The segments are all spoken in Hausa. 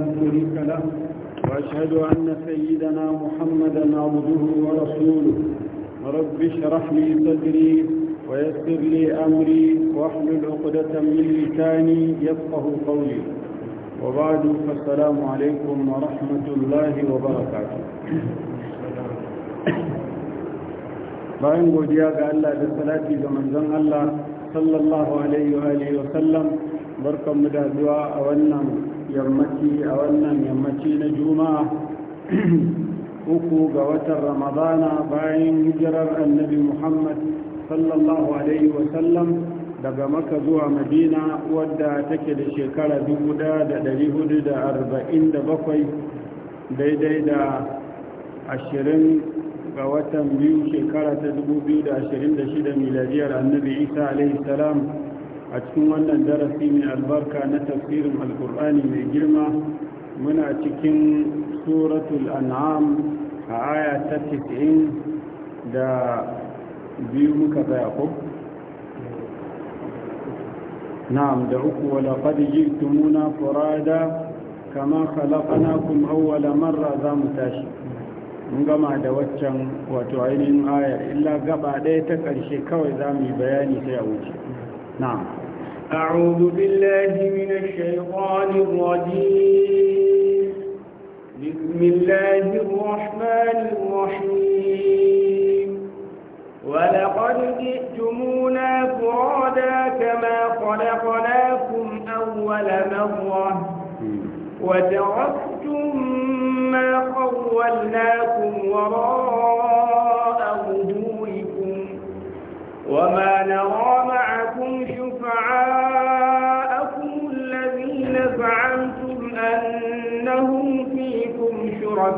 شريك له وأشهد أن سيدنا محمدا عبده ورسوله رب اشرح لي صدري ويسر لي أمري واحلل عقدة من لساني يفقه قولي وبعد فالسلام عليكم ورحمة الله وبركاته bayan godiya ga Allah da salati ga manzon Allah sallallahu alaihi wa alihi wa sallam barkanmu da zuwa a wannan yammaci a wannan yammaci na juma'a uku ga watan ramadana bayan hijirar annabi muhammad sallallahu alaihi wasallam daga maka zuwa madina wadda take da shekara 1447 daidai da 20 ga watan biyu shekara ta 2026 miladiyar annabi isa alaihi salam a cikin wannan darasi mai albarka na tafsirin alkur'ani mai girma muna cikin suratul an'am a aya ta 90 da biyu muka tsaya ko na'am da uku wala qad tumuna furada kama khalaqnakum awwala marra za mu tashi mun gama da waccan wato ainihin aya illa gaba ɗaya ta ƙarshe kawai za mu yi bayani sai a wuce na'am أعوذ بالله من الشيطان الرجيم بسم الله الرحمن الرحيم ولقد جئتمونا فرادا كما خلقناكم أول مرة وتركتم ما خولناكم وراء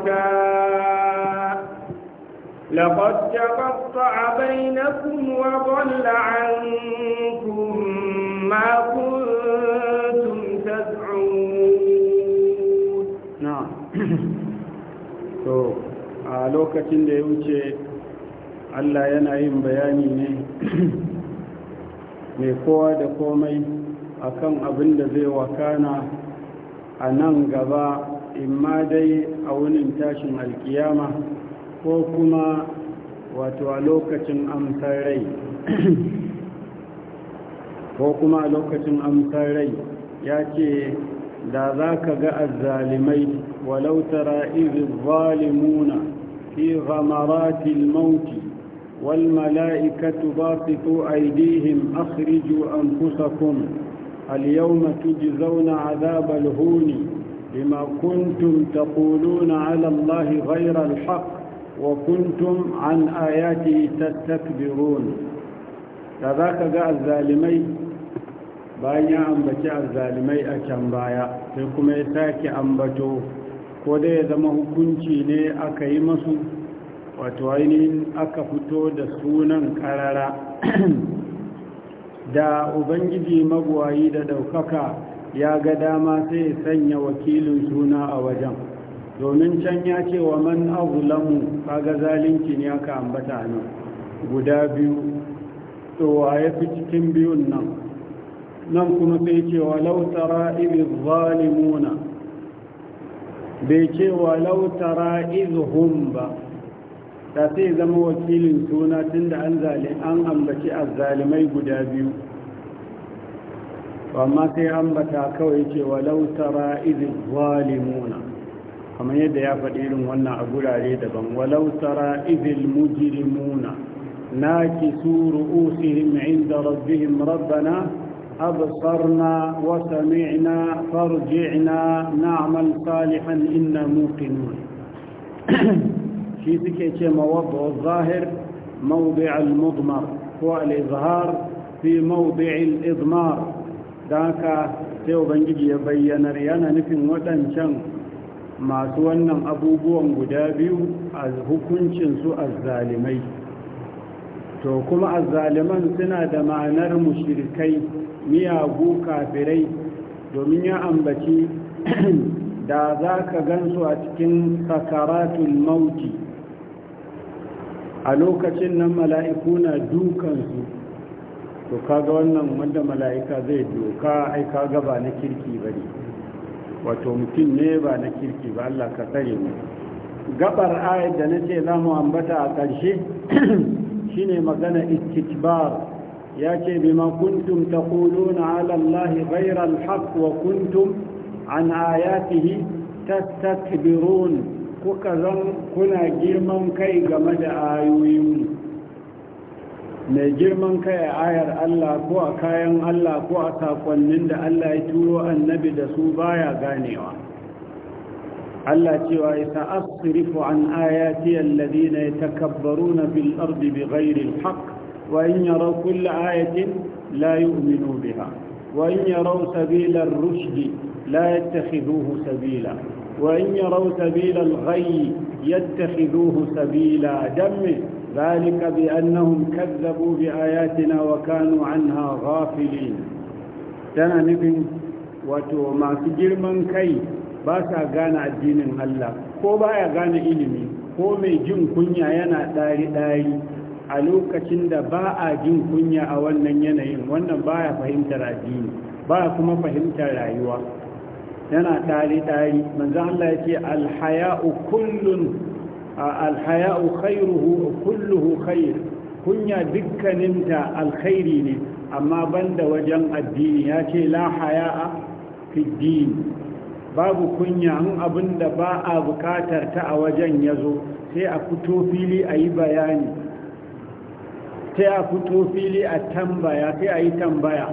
شركاء لقد تقطع بينكم وضل عنكم ما كنتم تدعون a lokacin da ya wuce Allah yana yin bayani ne mai kowa da komai akan abin da zai wakana a nan gaba imma dai a wunin tashin alkiyama ko kuma wato a lokacin amsar rai ko kuma a lokacin amsar rai ya ce da za ka ga azzalimai walau tara izi zalimuna fi ghamaratil mauti wal mala'ikatu basitu aydihim akhriju anfusakum al yawma tujzauna adhabal huni لما كنتم تقولون على الله غير الحق وكنتم عن آياته تتكبرون كذاك جاء الظالمي بايا أنبتي الظالمي أكم بايا فيكم يساكي أنبتو كودي يزمه كنتي ني أكيمسو wato ainihin aka fito da sunan karara da ubangiji magwayi da daukaka ya ga dama sai ya sanya wakilin suna a wajen domin can ya ce wa man azulamu kaga zalunci ne aka ambata nan guda biyu to waye ya cikin biyun nan nan kuma sai ce walau tara ibi zalimuna bai ce walau tara izhum ba ta sai zama wakilin suna tunda an zali an ambaci azzalimai guda biyu amma sai ambata kawai ce walau tara idin zalimuna kamar yadda ya faɗi irin wannan a gurare daban walau tara idil mujrimuna nakisu ru'usihim inda rabbihim rabbana absarna wa sami'na farji'na na'mal salihan inna muqinun shi suke ce mawadda zahir mawdi' al-mudmar huwa al-izhar fi mawdi' al-idmar don haka sai ubangiji ya bayyanar yana nufin waɗancan masu wannan abubuwan guda biyu a hukuncinsu a zalimai to kuma zaliman suna da ma'anar mushirikai miyagu kafirai domin ya ambaci da za ka gansu a cikin sakaratul mauti a lokacin nan mala'iku na dukansu to kaga wannan wanda mala'ika zai doka ai kaga ba na kirki ba ne wato mutum ne ba na kirki ba Allah ka tsare mu gabar ayat da nace za mu ambata a ƙarshe shine magana istikbar ya ce bima kuntum taquluna ala Allah ghayra al-haq wa kuntum an ayatihi tastakbirun kuka zan kuna girman kai game da ayoyin mai girman kai a ayar Allah ko a kayan Allah ko a sakonnin da Allah ya turo annabi da su baya ganewa Allah cewa isa asrifu an ayati alladhina yatakabbaruna bil ardi bighairi alhaq wa in yaraw kulla ayatin la yu'minu biha wa in yaraw sabila ar-rushd la yattakhidhuhu sabila wa in yaraw sabila al-ghayy yattakhidhuhu sabila damme ذلك بأنهم كذبوا بآياتنا وكانوا عنها غافلين tana nufin wato masu girman kai ba sa gane addinin Allah ko baya gane ilimi ko mai jin kunya yana ɗari-ɗari a lokacin da ba a jin kunya a wannan yanayin wannan baya fahimtar addini ba kuma fahimtar rayuwa yana ɗari-ɗari manzo Allah ya ce alhaya'u kullun alhaya'u khairuhu kulluhu khair kunya dukkaninta alkhairi ne amma banda wajen addini ya ce la haya'a fi babu kunya in da ba a bukatar ta a wajen yazo sai a fito fili a yi bayani sai a fito fili a tambaya sai a yi tambaya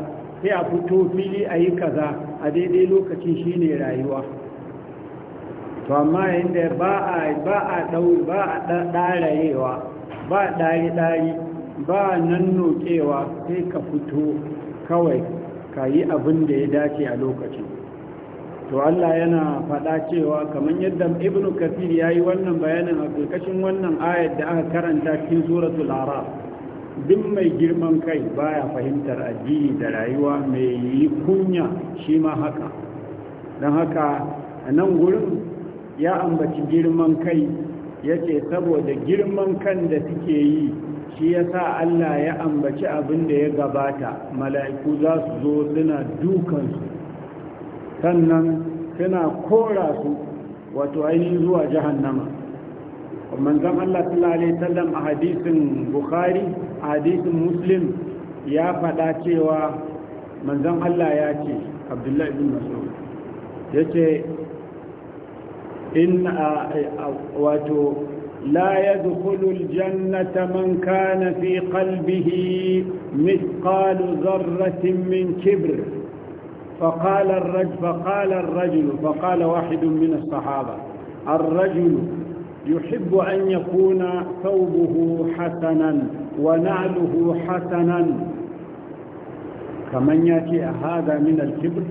a fito fili a yi kaza a daidai lokacin shine rayuwa to amma inda ba a ba a dau ba a darayewa ba dari dari ba nan nokewa sai ka fito kawai ka yi abin da ya dace a lokaci to Allah yana faɗa cewa kamar yadda ibnu kafir ya yi wannan bayanin a ƙarƙashin wannan ayar da aka karanta cikin suratul araf duk mai girman kai baya fahimtar addini da rayuwa mai yi kunya shi ma haka don haka a nan gurin ya ambaci girman kai ya ce saboda girman kan da suke yi shi ya sa Allah ya ambaci abin da ya gabata mala'iku za su zo suna dukansu sannan suna kora su wato ainihin zuwa jahannama manzan Allah sallallahu Alaihi a hadisin bukhari a hadisin muslim ya faɗa cewa manzan Allah ya ce abdullahi bin mas'ud ya ce إن wato لا يدخل الجنة من كان في قلبه مثقال ذرة من كبر فقال الرجل فقال الرجل فقال واحد من الصحابة الرجل يحب أن يكون ثوبه حسنا ونعله حسنا كمن يأتي هذا من الكبر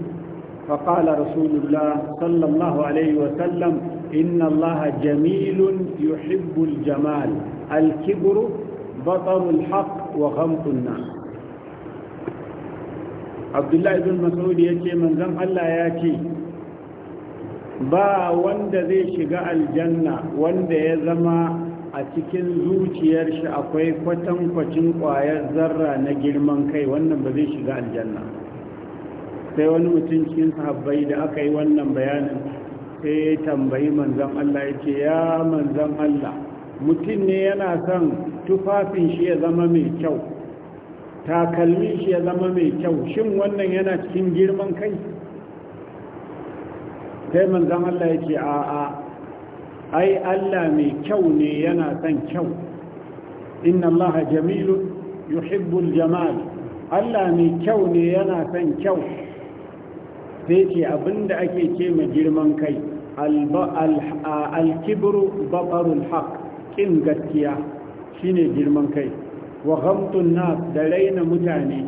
فقال رسول الله صلى الله عليه وسلم إن الله جميل يحب الجمال الكبر بطر الحق وغمط الناس عبد الله بن مسعود يجي من زم الله ياتي ba wanda zai shiga aljanna wanda ya zama a cikin zuciyar shi akwai kwatankwacin ƙwayar zarra na girman kai wannan ba zai shiga aljanna sai wani mutum cikin sahabbai da aka yi wannan bayanin sai tambayi manzan Allah ya ce, ya manzan Allah mutum ne yana son tufafin shi ya zama mai kyau takalmin shi ya zama mai kyau shin wannan yana cikin girman kai sai manzan Allah ce a a ai Allah mai kyau ne yana son kyau inna Allah Jamilu yuhibbul jamal Allah mai kyau ne yana son kyau sai ce abinda ake ce ma girman kai alkibru Babarun haq ƙin gaskiya shine girman kai wa ghamtun nas da raina mutane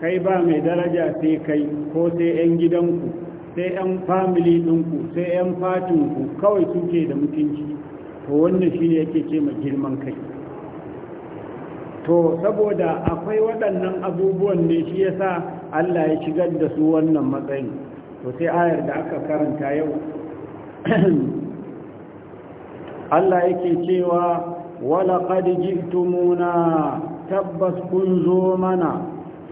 kai ba mai daraja sai kai ko sai yan gidanku sai yan family ɗinku sai yan fatinku kawai suke da mutunci to wannan shine yake ce ma girman kai to saboda akwai waɗannan abubuwan ne shi yasa Allah ya shigar da su wannan matsayin to sai ayar da aka karanta yau Allah yake cewa walaƙad jiktumuna tabbas kun zo mana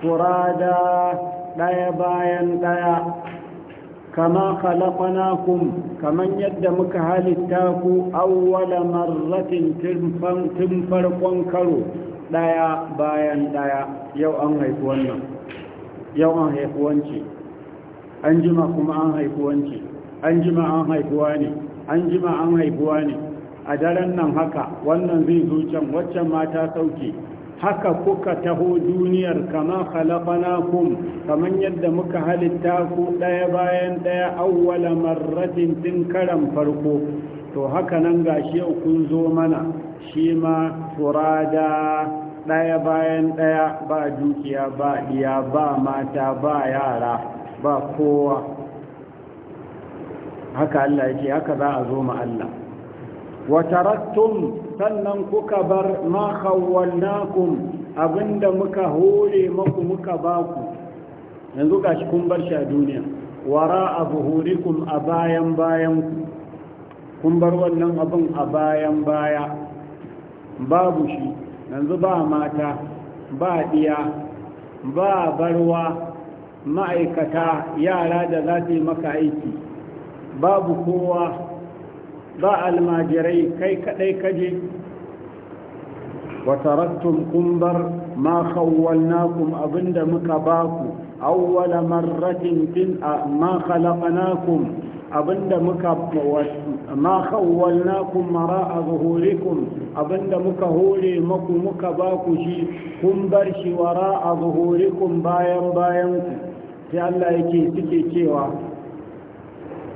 furada ɗaya bayan ɗaya kama khalaqnakum kaman yadda muka halitta ku awwala marratin tun farkon karo ɗaya bayan ɗaya yau an haifi wannan yau an haifi an jima kuma an haifi wance an jima an haifuwa ne an jima an haifuwa ne a daren nan haka wannan zai zo can waccan mata sauke haka kuka taho duniyar kama khalaqnakum kamar yadda muka halitta ku ɗaya bayan ɗaya, awwala marratin tun karan farko to haka nan gashi yau kun zo mana shi ma turada ɗaya bayan ɗaya ba dukiya ba iya ba mata ba yara ba kowa haka Allah ya haka za a zo ma Allah taraktum sannan kuka bar ma khawwalnakum abinda muka hore maku muka baku yanzu gashi kun bar shi a duniya wara a buhurikum a bayan bayan ku kun bar wannan abin a bayan baya babu shi yanzu ba mata ba diya ba barwa ma'aikata yara da za su yi maka aiki babu kowa ba almajirai kai kadai kaje wa taraktum kumbar ma naku, abinda muka baku awwala marratin bin ma khalaqnakum abinda muka ma khawwalnakum mara zuhurikum abinda muka hore maku muka baku shi kun bar shi wara a zuhurikum bayan bayan ku sai Allah yake suke cewa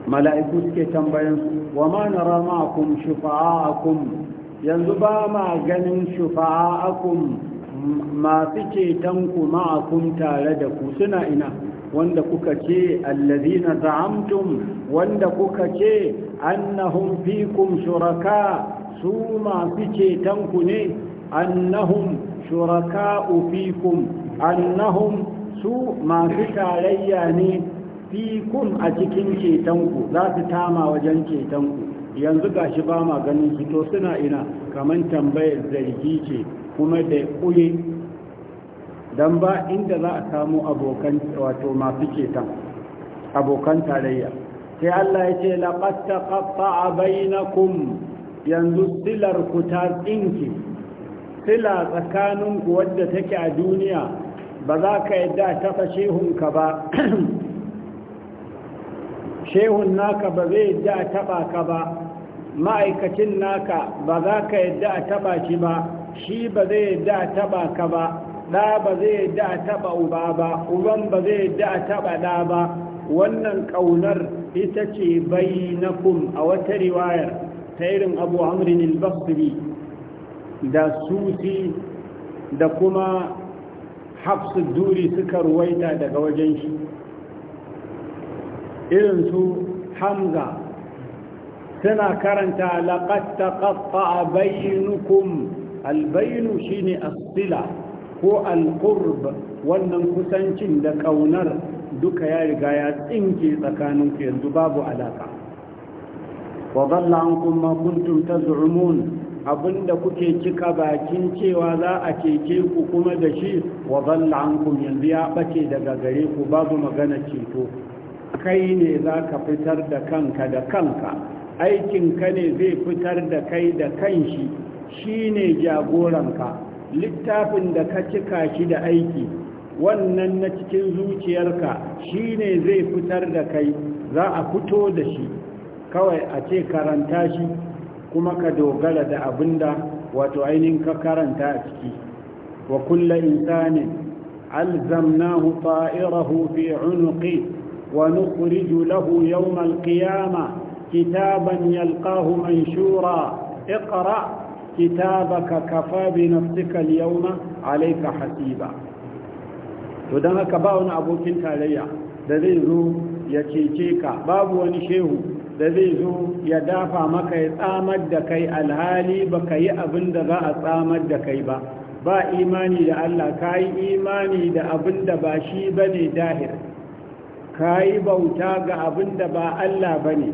mala'iku suke tambayan wa ma nara ma'akum shufa'akum yanzu ba ma ganin shufa'akum masu cetonku ma'akum tare da ku suna ina wanda kuka ce na za'amtum wanda kuka ce annahum fikum shuraka su masu cetonku ne annahun shuraka fikum annahun su masu tarayya ne fikun a cikin cetonku za su tama wajen cetonku yanzu gashi ba ma ganin su to suna ina kamar tambayar zargi ce kuma da ƙuye don ba inda za a samu abokan wato masu ceton abokan tarayya sai Allah ya ce laƙasta ƙafa a bainakum yanzu silar ku ta tsinki sila tsakaninku wadda take a duniya ba za ka yadda ta fashe hunka ba shehun naka ba zai yadda a taɓa ka ba ma'aikacin naka ba za ka yadda a taba shi ba shi ba zai yadda a taɓa ka ba ɗa ba zai yadda a taɓa uba ba uban ba zai yadda a taɓa ɗa ba wannan ƙaunar ita ce na kun a wata riwayar ta irin abu amrin al-basri da susi da kuma hafsu duri suka ruwaita daga wajen shi irin su hamza suna karanta laqad a bainukum albaynu shine ne sila ko alƙurb wannan kusancin da ƙaunar duka ya riga ya tsinke tsakaninku yanzu babu alaƙa. wa dhalla ankum ma kuntum taz'umun abinda kuke cika bakin cewa za a keke ku kuma da shi wa dhalla yanzu ya bace daga gare ku babu magana ceto kai ne za ka fitar da kanka da kanka aikinka ne zai fitar da kai da kanshi shi ne jagoranka littafin da ka cika shi da aiki wannan na cikin zuciyarka shi ne zai fitar da kai za a fito da shi kawai a ce karanta shi kuma ka dogara da abinda wato ainihin ka karanta a ciki wa kulla insanin alzamnahu ta'irahu fi unuqi ونخرج له يوم القيامة كتابا يلقاه منشورا اقرأ كتابك كفى بنفسك اليوم عليك حسيبا ودنا كباون أبوكين تاليا دذيذو يكيكيكا باب ونشيه دذيذو يدافع مكا يتآمد دكي الهالي بكي أبن دغا أتآمد دكي با ba imani da Allah ka yi imani da abin da ba shi ba ne dahir ka yi bauta ga abin da ba Allah ba ne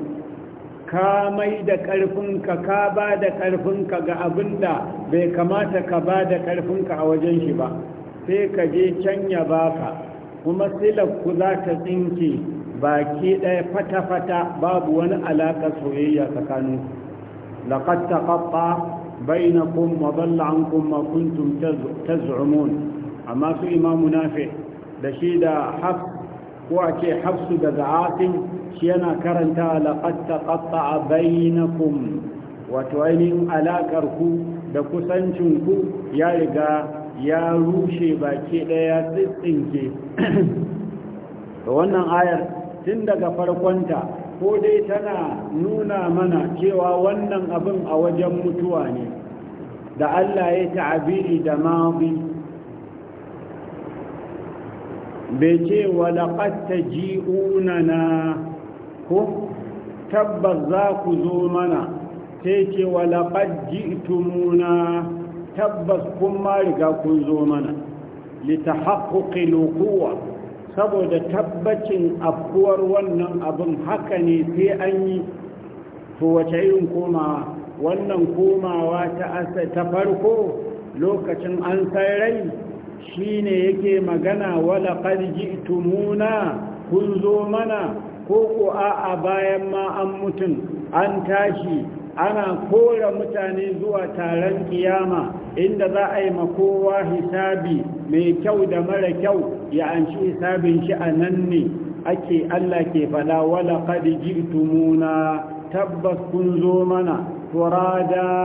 ka mai da ƙarfinka ka ba da ƙarfinka ga abin da bai kamata ka ba da ƙarfinka a wajen shi ba sai ka je can ya baka kuma ku za ta tsinke baki ɗaya fata-fata babu wani alaƙa soyayya tsakanin laƙar taƙaɓa بينكم وضل ta ما amma su imamu في Da shi da حفص ko a ce hafsu daga asin shi yana karanta laqad a bainakum wato ainihin alakar ku da kusancin ku ya riga ya rushe baki daya tsitsinke to wannan ayar tun daga farkonta ko dai tana nuna mana cewa wannan abin a wajen mutuwa ne da Allah ya ta'abiri da mabi bai ce walaƙat ta ji'una na ko tabbas za ku zo mana sai ce walaƙat ji'tumuna tabbas kun ma riga kun zo mana litahaqqiqil quwwa saboda tabbacin afkuwar wannan abin haka ne sai an yi to wace irin komawa wannan komawa ta ta farko lokacin an san rai shine yake magana wala qad ji'tumuna kun zo mana ko ko a'a bayan ma an mutun an tashi ana kora mutane zuwa taron kiyama inda za a yi makowa hisabi mai kyau da mara kyau ya anci hisabin shi a nan ne ake Allah ke fada wala qad ji'tumuna tabbas kun zo mana turada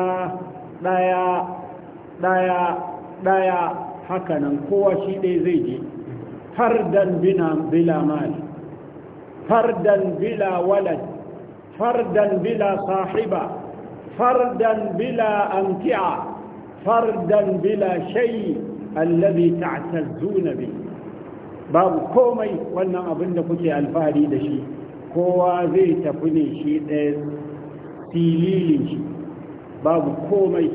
daya daya daya haka nan kowa shi ɗaya zai je fardan bila mali fardan bila walad fardan bila sahiba fardan bila amti'a fardan bila shayi allazi ta'tazzuna bi babu komai wannan abin da kuke alfahari da shi kowa zai tafi ne shi ɗaya tililin shi babu komai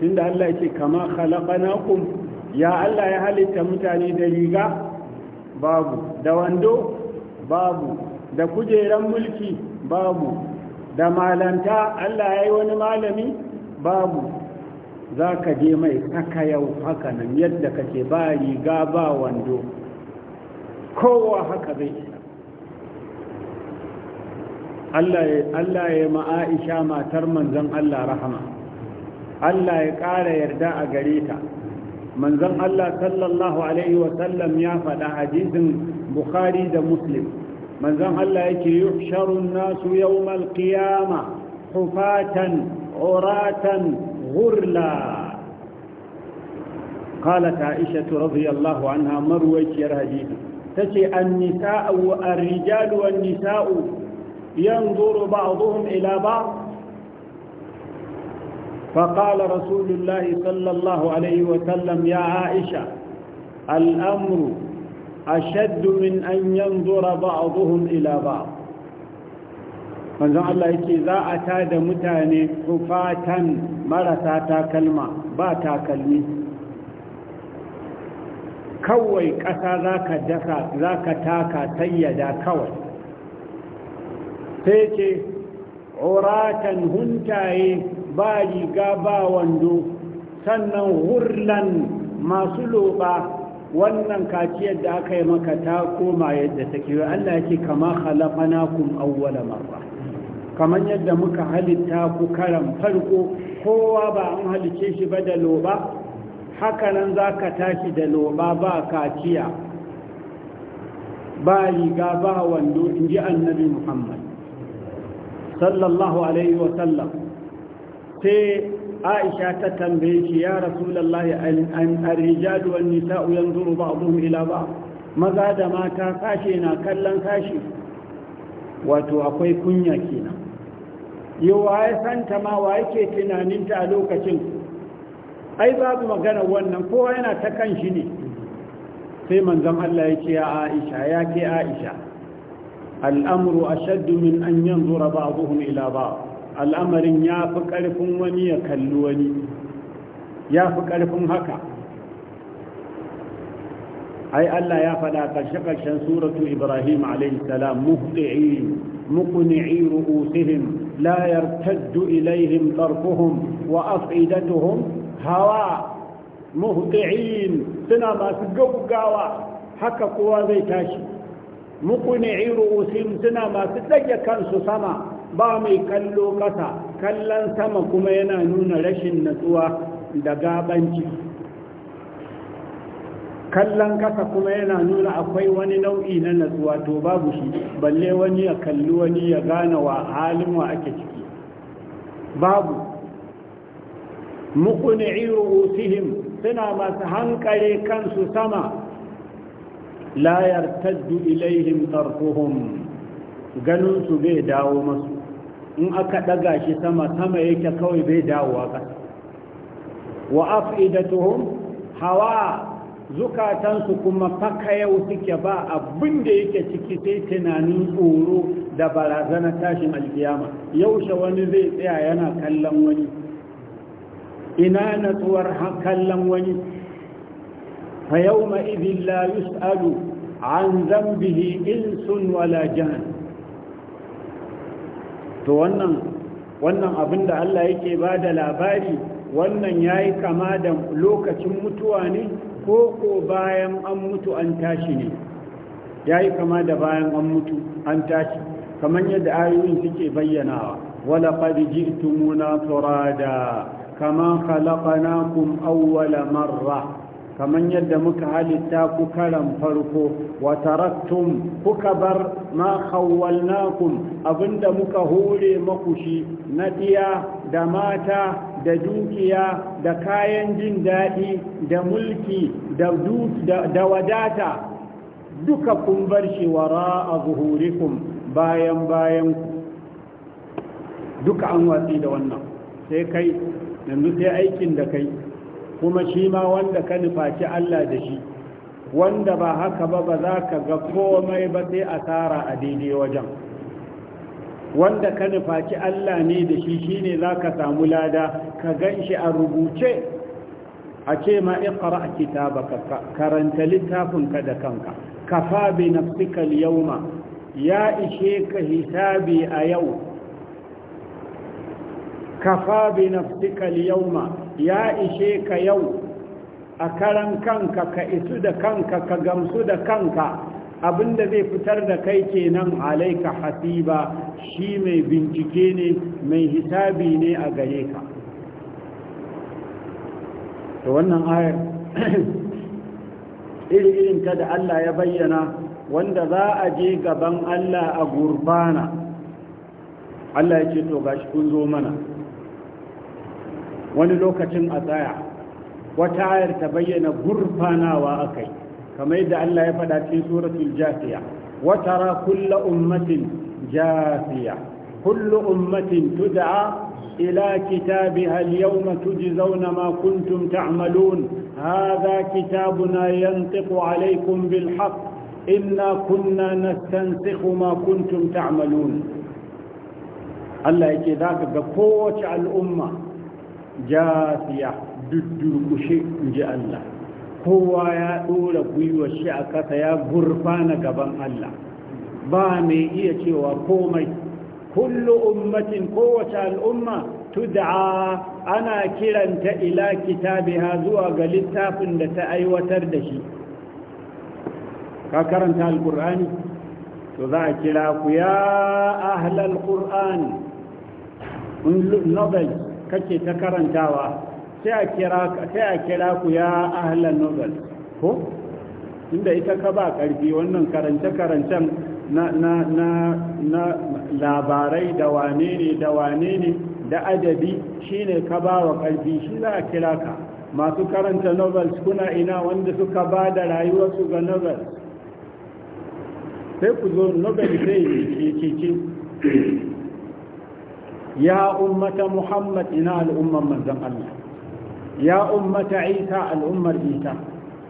tunda Allah ya ce kama khalaqanakum ya Allah ya halitta mutane da riga babu da wando babu da kujeran mulki babu da malanta Allah ya yi wani malami babu za ka je mai haka yau haka nan yadda kake ba riga ba wando kowa haka zai isa Allah ya ma'aisha matar manzon Allah rahama Allah ya ƙara yarda a gare ta manzon Allah sallallahu alaihi wa sallam ya faɗa hadisin Bukhari da Muslim manzon Allah yake yuhsharu an-nasu yawmal qiyama hufatan uratan ghurla قالت عائشة رضي الله عنها مرويك يا رهديد تشي النساء الرجال والنساء ينظر بعضهم إلى بعض فقال رسول الله صلى الله عليه وسلم يا عائشة الأمر أشد من أن ينظر بعضهم إلى بعض Allah yake za a tada mutane fatan marasa takalma ba takalmi kawai ƙasa za ka taka tayyada kawai sai ce uratan huntaye ba riga ba wando sannan hurlan masu loba wannan kaciyar da aka yi maka ta koma yadda take yi Allah ya ce kama kun awwala marra kamar yadda muka halitta ku karan farko kowa ba an halice shi ba da loba hakanan za zaka tashi da loba ba kaciya ba riga ba wando inji annabi Muhammad sallallahu alaihi wa sallam sai aisha ta tambaye shi ya rasulallahi an arrijalu wan nisa'u yanzuru ba'dhum ila ba'd maza da mata kashe na kallon kashi. wato akwai kunya kenan yau waye santa ma wa yake tunanin ta a lokacin ai babu magana wannan kowa yana ta kan shi ne sai manzon Allah ya ce ya Aisha ya ke Aisha al'amru ashaddu min an yanzura ba'dhum ila ba'd al'amarin ya fi ƙarfin wani ya kalli wani ya fi ƙarfin haka ai Allah ya faɗa ƙarshe-ƙarshen suratu Ibrahim alaihissalam muhdi'i muqni'i ru'usihim la yartaddu ilaihim wa af'idatuhum hawa muhdi'in suna masu gaggawa haka kowa zai tashi muqni'i ru'usihim suna masu ɗage kansu sama ba mai kallo kasa kallon sama kuma yana nuna rashin natsuwa da gabanci kallon kasa kuma yana nuna akwai wani nau'i na natsuwa to babu shi balle wani ya kalli wani ya gane wa halin wa ake ciki babu muqni'i ru'usihim suna masu hankare kansu sama la yartaddu ilaihim tarfuhum ganin su bai dawo masu in aka daga shi sama sama yake kawai bai dawowa ƙasa wa afidatuhum hawa zukatansu kuma faka yau suke ba abin da yake ciki sai tunanin tsoro da barazana tashin alkiyama yaushe wani zai tsaya yana kallon wani ina natsuwar kallon wani fa yau ma'izin la yus'alu an zambihi insun wala jahan to wannan wannan abin da Allah yake ba da labari wannan ya yi kama da lokacin mutuwa ne ko ko bayan an mutu an tashi ne ya yi kama da bayan an mutu an tashi kamar yadda ayoyin suke bayyanawa wala qad ji'tumuna turada kama khalaqnakum awwala marra kamar yadda muka halitta ku karan farko wa taraktum kuka bar ma khawwalnakum abinda muka hore maku shi na diya da mata da dukiya da kayan jin daɗi da mulki da wadata duka kun bar shi wara a zuhurikum bayan bayan duka an watsi da wannan sai kai yanzu sai aikin da kai kuma shi ma wanda ka nufaci Allah da shi wanda ba haka ba ba za ka ga komai ba sai asara a daidai wajen wanda ka nufaci Allah ne da shi shine za ka samu lada ka gan shi a rubuce a ce ma iqra kitabaka karanta littafinka da kanka kafa bi nafsikal yau yawma ya ishe ka hisabi a yau kafa bi nafsika al ya ishe ka yau a karan kanka ka isu da kanka ka gamsu da kanka abinda zai fitar da kai kenan alaika hasiba shi mai bincike ne mai hisabi ne a gare ka to wannan ayar irin ta da Allah ya bayyana wanda za a je gaban Allah a gurbana Allah ya ce to gashi kun zo mana wani lokacin a tsaya wata ayar ta bayyana gurfanawa akai kamar yadda Allah ya faɗa cikin suratul jasiya Wata tara kullu ummatin jasiya kullu ummatin tud'a إلى كتابها اليوم تجزون ما كنتم تعملون هذا كتابنا ينطق عليكم بالحق إنا كنا نستنسخ ما كنتم تعملون الله يجزاك jafiya durkushe in ji Allah kowa ya ɗora gwiwar shi a kasa ya gurfana gaban Allah ba mai iya cewa komai kullu ummatin kowace al'umma tud'a ana kiranta ila kitabiha zuwa ga littafin da ta aiwatar da shi ka karanta alkur'ani to za a kira ku ya ahlal qur'an novel kake ta karantawa sai a kira ku ya ahlan nobel ko inda ita ka ba karfi wannan karance-karancen na labarai da wane ne da wane ne da adabi shine ka ba wa karfi shi za a kira ka masu karanta novel kuna ina wanda suka ba da rayuwarsu ga novel sai ku zo nobel zai cece ya ummata muhammad ina al'umman manzon Allah ya ummata isa al'ummar isa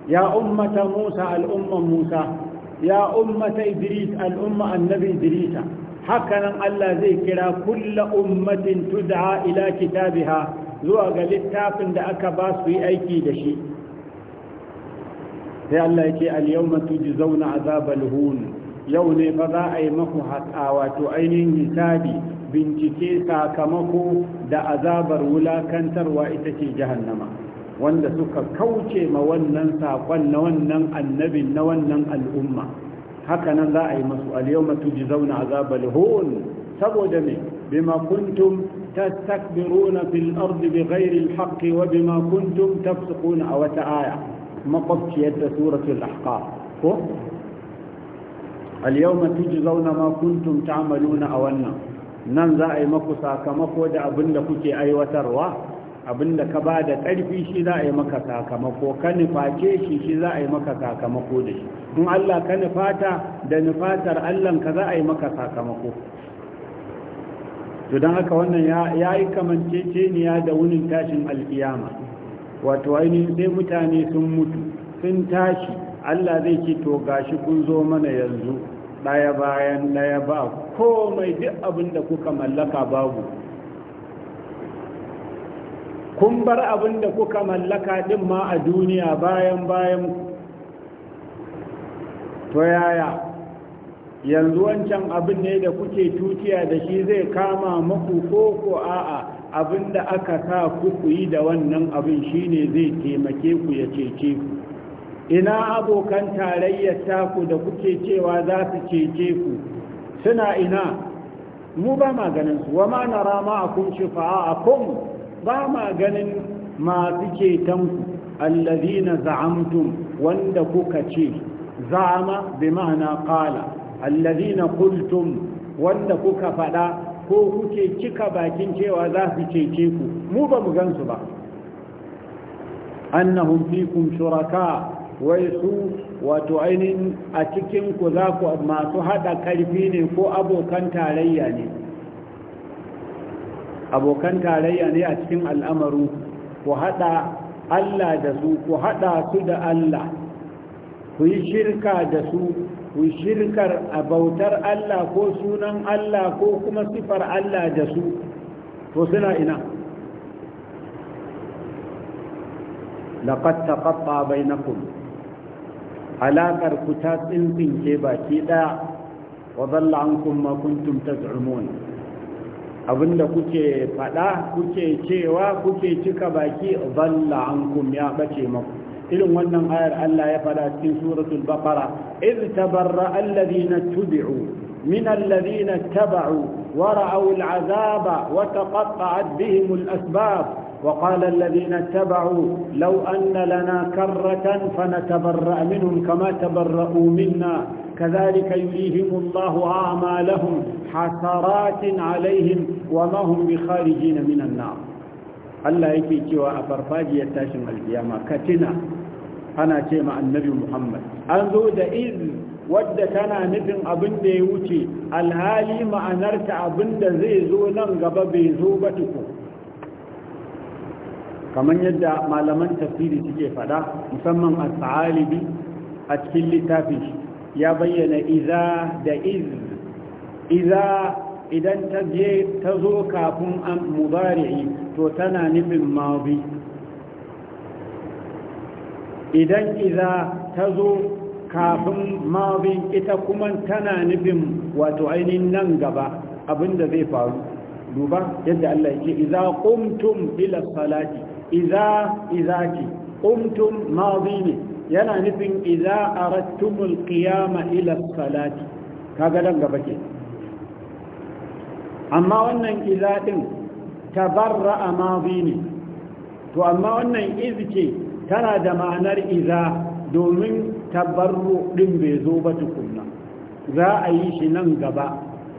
ya ummata musa al'ummar musa ya ummata idris al'umma annabi idrisa hakanan Allah zai kira kulla ummatin tud'a ila kitabiha zuwa ga littafin da aka ba su yi aiki da shi sai Allah ya ce al-yawma tujzauna azabal hun yau ne fa za a yi maku wato ainihin hisabi bincike sakamako da azabar wulakantarwa ita ce jahannama wanda suka kauce ma wannan saƙon na wannan annabin na wannan al'umma haka nan za a yi masu al-yawma tujzauna azabal hun saboda me bima kuntum tastakbiruna fil ardi bighairi al-haqqi wa bima kuntum tafsiquna aw ta'aya maqabciyat suratul ahqaf ko al-yawma tujzauna ma kuntum ta'maluna a wannan. nan za a yi maku sakamako da abin da kuke aiwatarwa abin da ka ba da ƙarfi shi za a yi maka sakamako ka nuface shi shi za a yi maka sakamako da shi in Allah ka nufata da nufatar Allah ka za a yi maka sakamako to don haka wannan ya yi kamanceceniya da wunin tashin alkiyama wato ainihin sai mutane sun mutu sun tashi Allah zai ce to gashi kun zo mana yanzu ɗaya bayan ɗaya ba ku komai duk abin da kuka mallaka babu kun bar abin da kuka mallaka din ma a duniya bayan bayan to yaya yanzu wancan abin ne da kuke tutiya da shi zai kama maku ko ko a'a abin da aka sa ku yi da wannan abin shine zai taimake ku ya cece ku ina abokan tarayyar taku da kuke cewa za su cece ku suna ina mu ba ma ganin su wa ma rama a kun fa'a a kun ba ma ganin masu allazi na za'amtum wanda kuka ce za'ama bi ma'ana allazi allazina kultun wanda kuka faɗa ko kuke cika bakin cewa za su cece ku mu ba mu gansu ba annahum fikum shuraka wai su wato ainihin a cikin za ku masu haɗa ƙarfi ne ko abokan tarayya ne abokan tarayya ne a cikin al'amaru ku haɗa Allah da su ku haɗa su da Allah ku yi shirka da su ku shirkar a bautar Allah ko sunan Allah ko kuma sifar Allah da su to suna ina لقد تقطع بينكم alaƙar ku ta tsintsinke baki ɗaya wa zalla an kuma kuntum ta abinda kuke faɗa kuke cewa kuke cika baki zalla an ya ɓace maku irin wannan ayar Allah ya faɗa cikin suratul baqara idh tabarra alladhina tubi'u min alladhina tabau wa ra'aw al'azaba wa taqatta'at bihim al'asbab وقال الذين اتبعوا لو أن لنا كرة فنتبرأ منهم كما تبرأوا منا كذلك يريهم الله أعمالهم حسرات عليهم وما هم بخارجين من النار ألا يكيكي وأفرفاجي يتاشم الجيامة كتنا أنا تيمع النبي محمد أنذو دئذ ود كان نبن أبن ديوتي الهالي ما أنرت أبن دزي قبب زوبتكم kamar yadda malaman tafsiri suke fada musamman a tsalibi a cikin littafin ya bayyana iza da iz iza idan ta je ta zo kafin an mubari'i to tana nufin mazi idan iza ta zo kafin mazi ita kuma tana nufin wato ainihin nan gaba abinda zai faru duba yadda Allah ya ce iza qumtum ila salati iza iza ce umtum mazi yana nufin iza arattumul qiyama ila salati kaga dan gaba ke amma wannan iza din tabarra mazi ne to amma wannan ce tana da ma'anar iza domin tabarru din bai zo ba tukunna za a yi shi nan gaba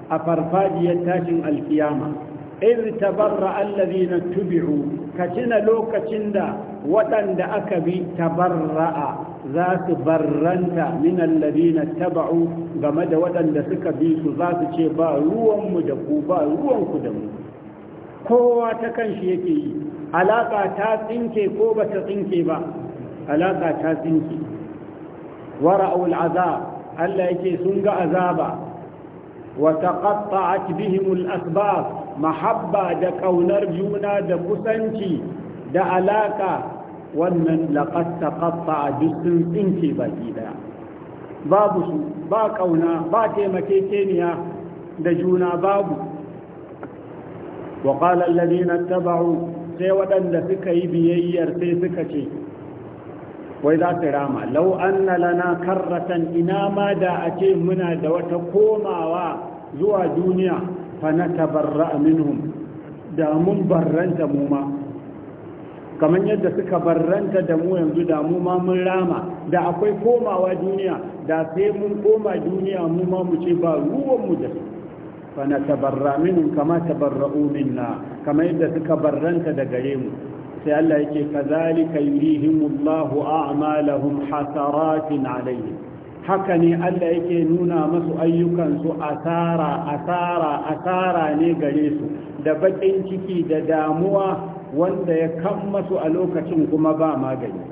a farfajiyar tashin alkiyama iz tabarra na tubi'u ka tuna lokacin da waɗanda aka bi tabarra'a za su barranta min na taba'u game da waɗanda suka bi su za su ce ba ruwanmu da ku ba ruwanku da mu kowa ta kanshi yake yi alaƙa ta tsinke ko ba ta tsinke ba alaƙa ta tsinke wara'ul azab Allah yake sun ga azaba wa taqatta'at bihimul asbab mahabba da ƙaunar juna da kusanci da alaƙa wannan laƙar ƙafa a dukkan tsinke baki daya babu su ba ƙauna ba taimakekeniya da juna babu waƙalar lalina taba'u sai waɗanda suka yi biyayyar sai suka ce wai za su rama lau an lana karratan ina ma da a muna da wata komawa zuwa duniya fanatabarra minhum da mun barranta mu ma kamar yadda suka barranta da mu yanzu da mu ma mun rama da akwai komawa duniya da sai mun koma duniya mu ma mu ce ba ruwan mu da su fa na tabarra minhum kama tabarra'u minna kamar yadda suka barranta da gare mu sai Allah yake kazalika yurihimullahu a'malahum hasaratin alaihim haka ne Allah yake nuna masu ayyukansu asara asara asara ne gare su da baƙin ciki da damuwa wanda ya kan masu a lokacin kuma ba magani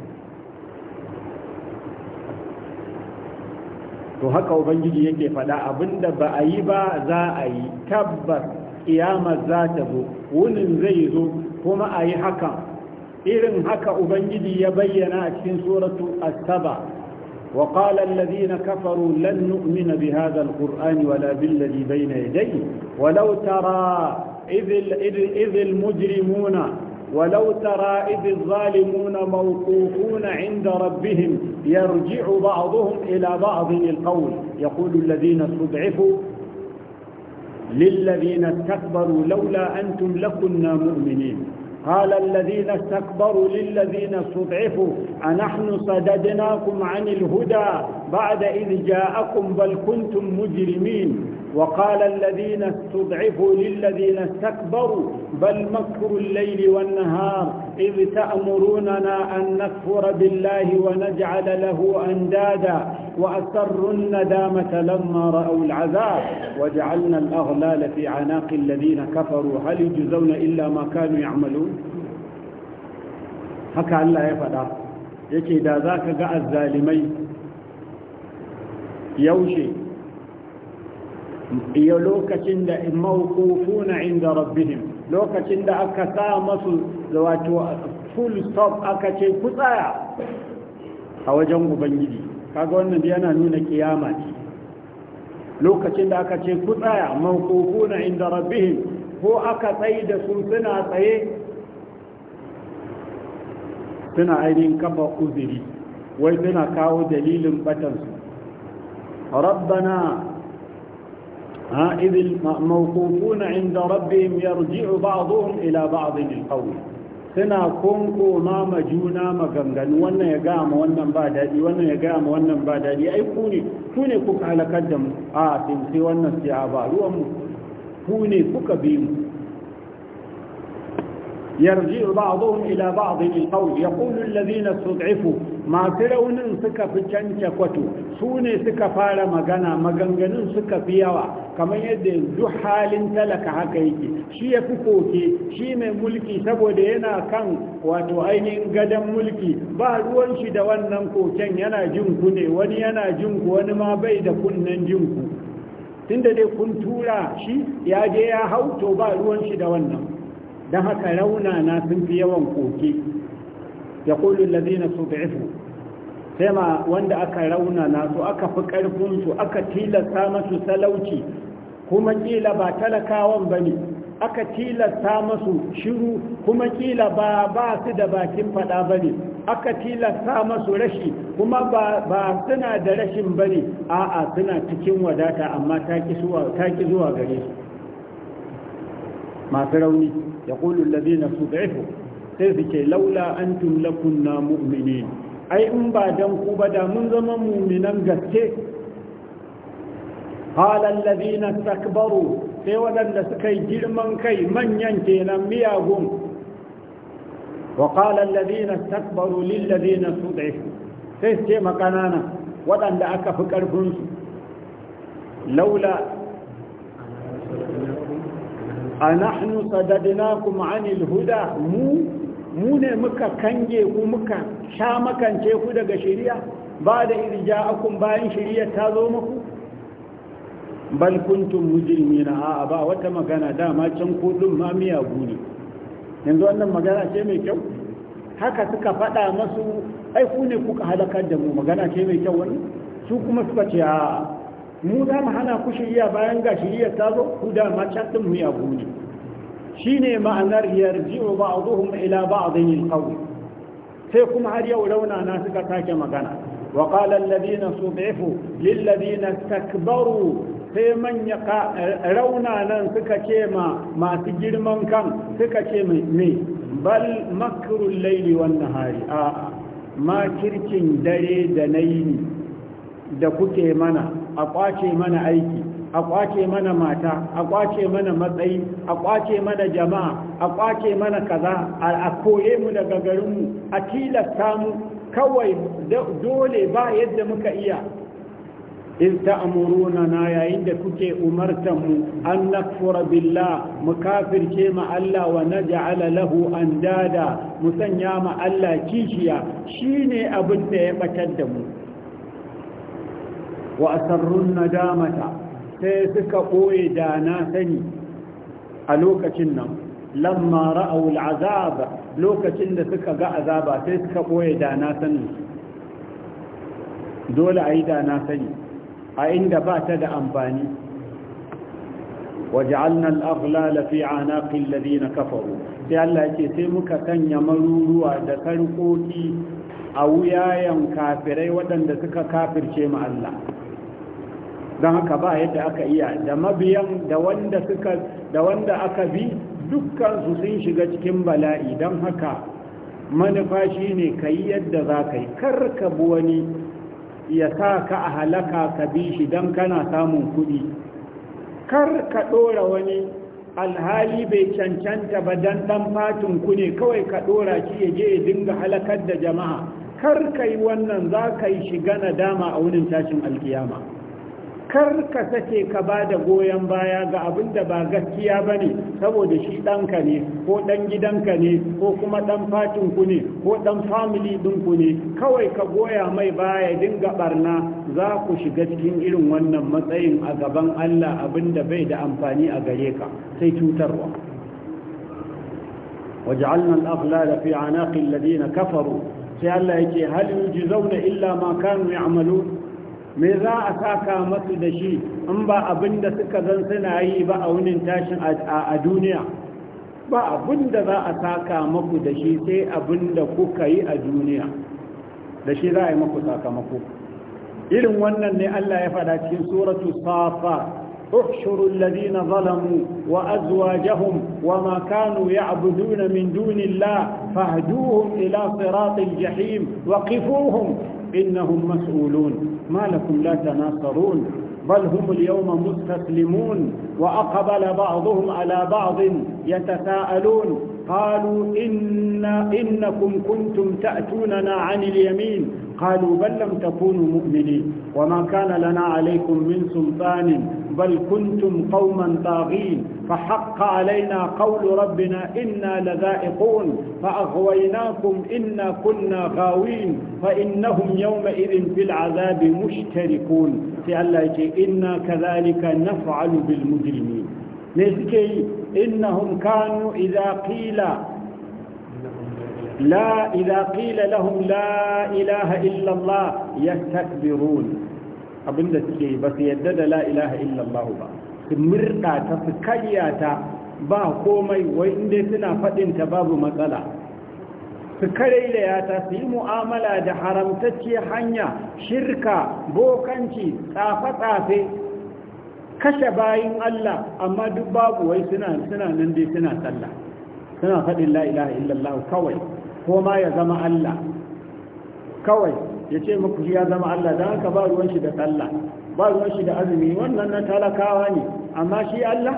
to haka ubangiji yake faɗa abinda ba a yi ba za a yi tabbas kiyama za ta zo wunin zai zo kuma a yi hakan irin haka ubangiji ya bayyana a cikin suratu asaba وقال الذين كفروا لن نؤمن بهذا القرآن ولا بالذي بين يديه ولو ترى إذ, إذ المجرمون ولو ترى إذ الظالمون موقوفون عند ربهم يرجع بعضهم إلى بعض القول يقول الذين استضعفوا للذين استكبروا لولا أنتم لكنا مؤمنين قال الذين استكبروا للذين استضعفوا أنحن صددناكم عن الهدى بعد إذ جاءكم بل كنتم مجرمين وقال الذين استضعفوا للذين استكبروا بل مكروا الليل والنهار إذ تأمروننا أن نكفر بالله ونجعل له أندادا وأسروا الندامة لما رأوا العذاب وجعلنا الأغلال في عناق الذين كفروا هل يجزون إلا ما كانوا يعملون حكى الله يفعل يكي إذا ذاك جاء الظالمين يوشي يلوك تند موقوفون عند ربهم لوك تند أكتا مصر da wato full stop aka ce ku tsaya a wajen ubangiji kaga wannan yana nuna kiyama ce lokacin da aka ce ku tsaya mawqufuna inda rabbihim ko aka tsaye da su suna tsaye suna ainihin kafa uzuri wai suna kawo dalilin batansu rabbana ha idil mawqufuna inda rabbihim yarji'u ba'dhum ila ba'd al-qawl suna kunkoma ma juna maganganu wannan ya ga ma wannan ba dadi wannan ya ga ma wannan ba dadi ai ku ne ku ne kuka halakar da mu a sai wannan sai a ba ruwan mu ku ne kuka bi mu يرجع بعضهم إلى بعض القول يقول الذين استضعفوا masu raunin suka fi canca kwato su ne suka fara magana maganganun suka fi yawa kamar yadda yanzu halin talaka haka yake shi ya fi koke shi mai mulki saboda yana kan wato ainihin gadon mulki ba ruwan shi da wannan koken yana jinku ne wani yana jinku wani ma bai da kunnen jinku tunda dai kun tura shi ya je ya hau to ba ruwan shi da wannan don haka raunana sun fi yawan koke Ya su يقول الذين استضعفوا سما وند su aka fi ƙarfinsu aka tilasta masu salauci kuma kila ba talakawan ba ne aka tilasta masu shiru kuma kila ba ba su da bakin fada ba ne aka tilasta masu rashi kuma ba suna da rashin ba bane a'a suna cikin wadata amma ta ki zuwa gare su masu rauni ya su alladhina sud'ifu sai su ce laula antum lakunna mu'minin ai in ba dan ku ba da mun zama mu'minan gaske qala alladhina istakbaru sai waɗanda suka yi girman kai manyan kenan miyagun wa qala alladhina istakbaru ladina sud'ifu sai su ce makanana waɗanda aka fi ƙarfinsu. Laula a أنحن صددناكم عن الهدى mu. ne muka kange ku muka sha makance ku daga shari'a ba da irja akun bayan shari'a ta zo muku bal kuntum mujrimina a'a ba wata magana dama can kudin ma miyagu ne yanzu wannan magana ce mai kyau haka suka faɗa masu ai ku ne kuka halakar da mu magana ce mai kyau wani su kuma suka ce a mu za mu hana ku shari'a bayan ga shari'a ta zo ku dama can miyagu ne shine ma'anar yarji'u ba'dhum ila ba'dhin alqawl sai kuma har yau raunana na suka sake magana wa qala alladhina sud'ifu lil ladina istakbaru sai manya rauna nan suka ce ma masu girman kan suka ce me bal makrul layli wan nahari a'a makircin dare da nayi da kuke mana a kwace mana aiki a kwace mana mata a kwace mana matsayi a kwace mana jama'a a kwace mana kaza a koyemu mu daga garinmu a tilasta mu kawai dole ba yadda muka iya in amuruna na yayin da kuke umartan mu an nakfura billah mu kafirce ma Allah wa naj'ala lahu andada mu sanya ma Allah kishiya shine abin da ya batar da mu wa asarrun nadamata sai suka ɓoye da na sani a lokacin nan lamma ra'awul azaba lokacin da suka ga azaba sai suka ɓoye da na sani dole a yi da na sani a inda ba ta da amfani وجعلنا الأغلال في عناق الذين كفروا sai Allah ce sai muka sanya maruruwa da sarƙoƙi a wuyayen kafirai waɗanda suka kafirce ma Allah don haka ba yadda aka iya da mabiyan da wanda suka da wanda aka bi dukkan su sun shiga cikin bala'i don haka manufa shi ne ka yi yadda za ka yi kar ka bi wani ya sa ka a halaka ka bi shi don kana samun kuɗi kar ka ɗora wani alhali bai cancanta ba don ɗan fatin ku ne kawai ka ɗora shi ya je ya dinga halakar da jama'a kar ka yi wannan za ka yi shiga nadama a wurin tashin alkiyama kar ka sake ka ba da goyon baya ga abin da ba gaskiya ba ne saboda shi ɗanka ne ko ɗan gidanka ne ko kuma ɗan fatinku ne ko ɗan famili ɗinku ne kawai ka goya mai baya dinga ɓarna za ku shiga cikin irin wannan matsayin a gaban Allah abin da bai da amfani a gare ka sai cutarwa waj'alna al-aghlala fi anaqi alladhina kafaru sai Allah yake hal yujzauna illa ma kanu me za a saka masu da shi in ba abin da suka zan suna yi ba a wunin tashin a duniya ba abin da za a saka maku da shi sai abin da kuka yi a duniya da shi za a yi maku sakamako irin wannan ne Allah ya faɗa cikin suratu safa احشروا الذين ظلموا وأزواجهم وما كانوا يعبدون من دون الله فاهدوهم إلى صراط الجحيم وقفوهم إنهم مسؤولون ما لكم لا تناصرون بل هم اليوم مستسلمون وأقبل بعضهم على بعض يتساءلون قالوا إن إنكم كنتم تأتوننا عن اليمين قالوا بل لم تكونوا مؤمنين وما كان لنا عليكم من سلطان بل كنتم قوما طاغين فحق علينا قول ربنا إنا لذائقون فأغويناكم إنا كنا غاوين فإنهم يومئذ في العذاب مشتركون في الله إنا كذلك نفعل بالمجرمين لذكي إنهم كانوا إذا قيل لا إذا قيل لهم لا إله إلا الله يستكبرون abin da suke yi ba su yadda da la ilaha illallah ba su mirɗa ta su karyata ba komai wai inda suna faɗin ta babu matsala su ya ta su yi mu'amala da haramtacce hanya shirka bokanci tsafe-tsafe kashe bayin Allah amma duk babu wai suna nan dai suna sallah suna faɗin la ilaha illallah kawai ko ma ya zama Allah kawai ya ce muku shi ya zama Allah da haka ba ruwan shi da sallah ba ruwan shi da azumi wannan na talakawa ne amma shi Allah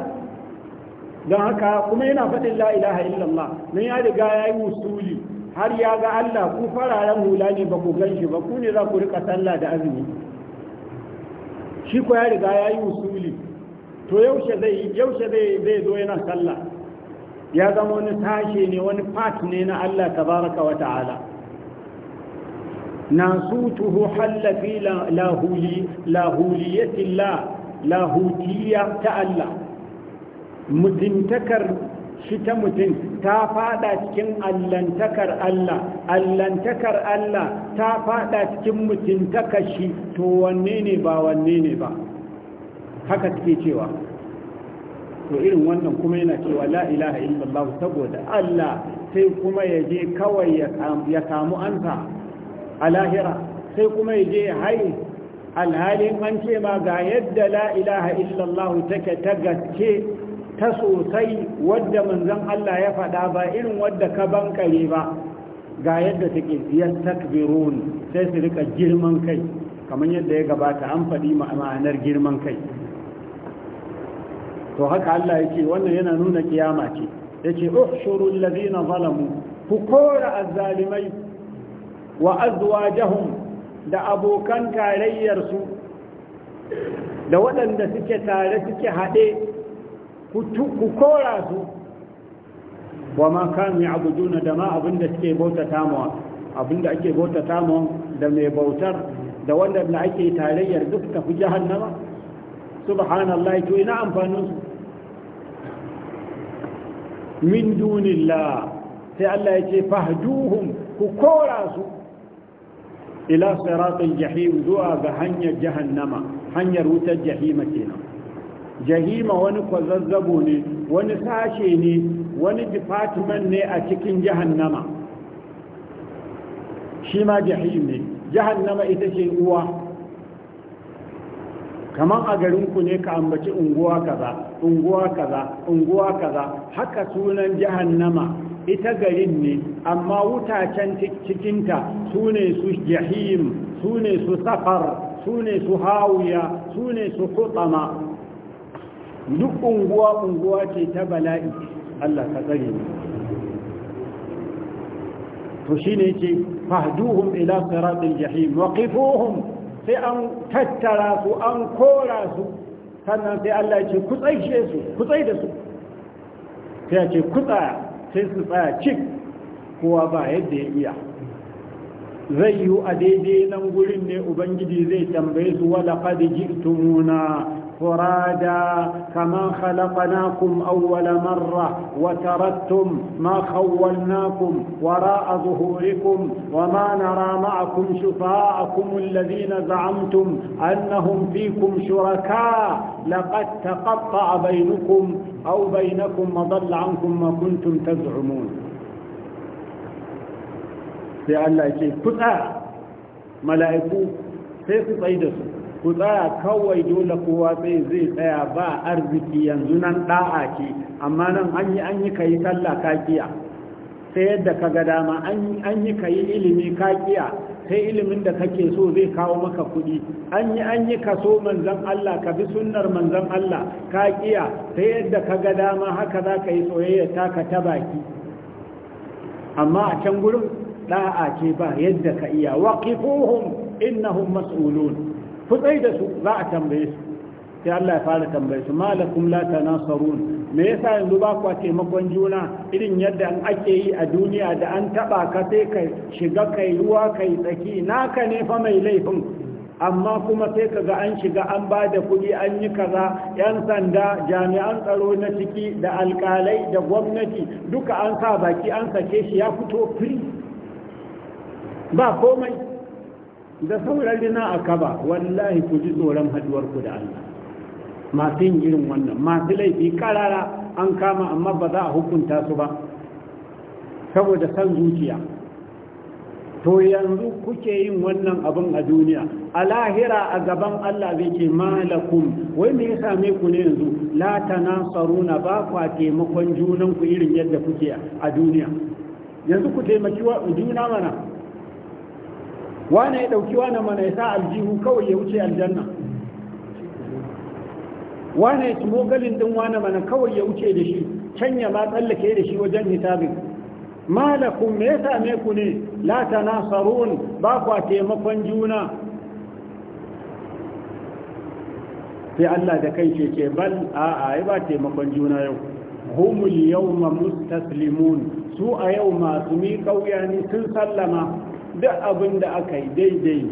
don haka kuma yana faɗin la ilaha illallah nan ya riga ya yi wusuli har ya ga Allah ku fararen hula ne ba ku gan shi ba ku ne za ku rika sallah da azumi shi ko ya riga ya yi wusuli to yaushe zai zo yana sallah ya zama wani tashe ne wani fat ne na Allah tabaraka wa ta'ala ناسوته حل في لاهولي لاهولية الله لاهوتية تألا متنتكر شتا متن تافادا تكن ألنتكر ألا ألنتكر ألا تافادا تكن متنتكر شي توانيني با وانيني با haka take cewa to irin wannan kuma yana cewa la ilaha illallah saboda Allah sai kuma ya je kawai ya samu ansa a lahira sai kuma ya je haye alhalin an ce ma ga yadda la'ilaha ilaha take ta gaske ta sosai wadda manzon Allah ya faɗa ba irin wadda ka bankare ba ga yadda take yastakbirun sai su rika girman kai kamar yadda ya gabata an faɗi ma'anar girman kai to haka Allah ya ce wannan yana nuna kiyama ce ya ce uhshuru allazina zalamu ku kora azzalimai wa azwajahum da abokan tarayyarsu da waɗanda suke tare suke haɗe ku kora su wa ma kanu ya'buduna da ma abinda suke bautata mawa abinda ake bauta mawa da mai bautar da wanda da ake tarayyar duk tafi jahannama subhanallah to ina amfanin su min dunillah sai Allah ya ce fahduhum ku kora su ila siratul jahim zuwa ga hanyar jahannama hanyar wutar jahima kenan jahima wani kwazazzabo ne wani sashe ne wani department ne a cikin jahannama shi ma jahim ne jahannama ita ce uwa kamar a garinku ne ka ambaci unguwa kaza unguwa kaza unguwa kaza haka sunan jahannama ita garin ne amma wutacen cikinta su ne su jahim su ne su safar su ne su hawiya su ne su kutsama duk unguwa-unguwa ce ta bala'i Allah ka tsare ne to shi ne ce fahduhum ila siratul jahim waqifuhum sai an tattara su an kora su sannan sai Allah ce ku tsaishe su ku da su sai ya ce kutsaya. sai su tsaya cik kowa ba yadda ya iya zai yi a daidai nan gurin ne ubangiji zai tambaye su wala ji tumuna فرادا كما خلقناكم أول مرة وتركتم ما خولناكم وراء ظهوركم وما نرى معكم شفاءكم الذين زعمتم أنهم فيكم شركاء لقد تقطع بينكم أو بينكم وضل عنكم ما كنتم تزعمون sai Allah ya ce ku tsaya ku tsaya kawai dole kowa sai zai tsaya ba arziki yanzu nan da'a ce amma nan an yi an yi kayi sallah kakiya sai yadda ka ga dama an yi kayi ilimi kakiya sai ilimin da kake so zai kawo maka kuɗi an yi an yi kaso manzan Allah ka bi sunnar manzan Allah kakiya sai yadda ka ga dama haka za ka yi soyayya taka ta baki amma a can gurin ɗa'a ce ba yadda ka iya waqifuhum innahum mas'ulun kutsai da su za a tambaye su sai Allah ya fara tambaye su malakum la tanasarun me yasa yanzu ba ku taimakon juna irin yadda an ake yi a duniya da an taba ka sai ka shiga kai ruwa kai tsaki naka ne fa mai laifin amma kuma sai ka ga an shiga an ba da kuɗi an yi kaza yan sanda jami'an tsaro na ciki da alƙalai da gwamnati duka an sa baki an sake shi ya fito firi ba komai da saurari rina a kaba wallahi ku ji tsoron haduwarku da Allah masu yin irin wannan masu laifi karara an kama amma ba za a hukunta su ba saboda san zuciya to yanzu kuke yin wannan abin a duniya a lahira a gaban Allah zai ce malakum wai me ya same ku ne yanzu la tanasaruna ba kwa taimakon junanku irin yadda kuke a duniya yanzu ku taimaki wa juna mana wane ya dauki wane mana ya sa aljihu kawai ya wuce aljanna wane ya tumo galin din wane mana kawai ya wuce da shi can ya ba tsallake da shi wajen hisabin malakun me ya same ku ne la tanasarun ba kwa taimakon juna sai Allah da kai ce ce bal a'a yi ba taimakon juna yau humul ma mustaslimun su a yau masu mi kauya sun sallama duk abin da aka yi daidai